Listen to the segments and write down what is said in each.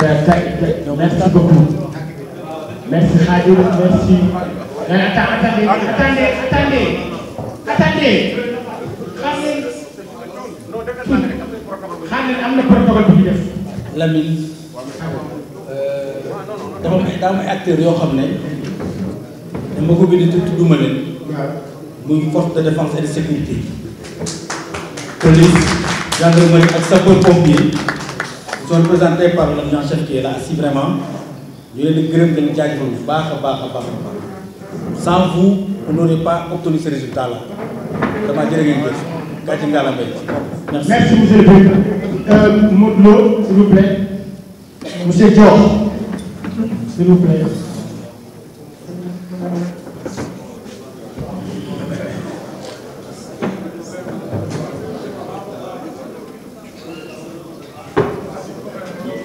Merci beaucoup. Merci Radio. merci. Euh, attendez. attendez, attendez, attendez. Attendez. le protocole def. Lamine euh, force de défense et de sécurité. police gendarmerie sont représentés par le chef qui est là si vraiment ñu leen di gërëm le jaajëfal bu baax a baax sans vous on n'aurait pas obtenu ce résultat là Je m'en ngeen une merci merci monsieur le président euh, de l'eau, s'il vous plaît monsieur Georges, s'il vous plaît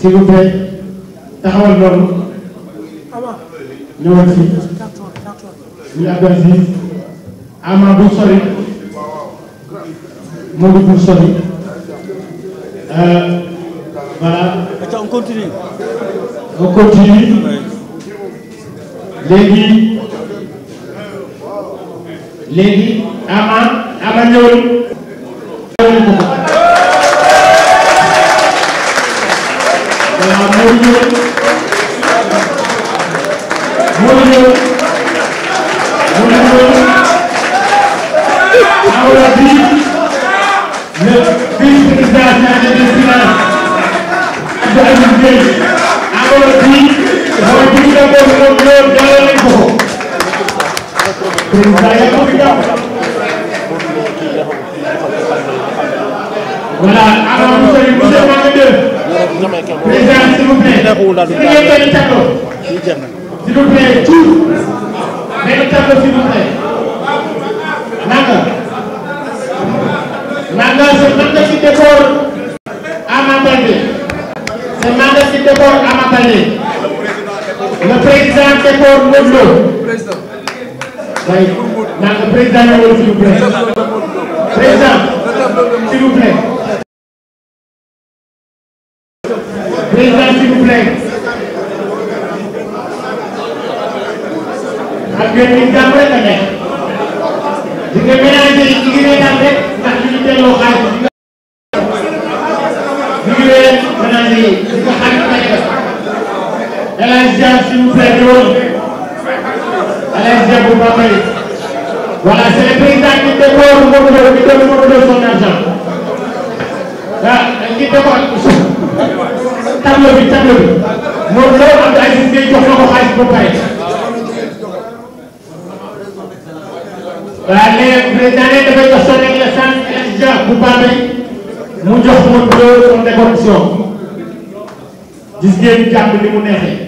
s'il vous plaît taxawal loolu Nous fii ñu Abdou Aziz Ama bul sori Modou sori euh, voilà. on continue. on continue Lévi. Lévi. Ama Ama ñëwal. আমরা বিশ Voilà, alors vous allez vous demander S'il vous plaît, tout. Même tableau, s'il vous plaît. Nanga. Nanga, c'est Nanga qui déborde à Matadé. C'est Nanga qui déborde à Matadé. Le président déborde Modlo. Président. Oui. Nanga, président, s'il vous plaît. Président. Président, s'il vous plaît. ak yéen ñi jàpp rek a nekk. di nga ménagé yi ñu ngi lay daan rek ndax ñu ngi delloo xaalis bi. ñu ngi leen ménagé yi di nga xaalis ba nekk. El Hadj Dia s'il vous plaît lool. El Hadj Dia bu Bambey. voilà c' est le président qui décolle Mamadou Lo qui donne Mamadou Lo son argent. ah dañ ciy décolle. tableau bi moom loolu am na ay suñ koy jox na ko xaalis ba pare. waaye léegi président ne dafay jox son excellence SDG bu Bambey mu jox moom loolu son décoration gis ngeen jàpp ni mu neexee.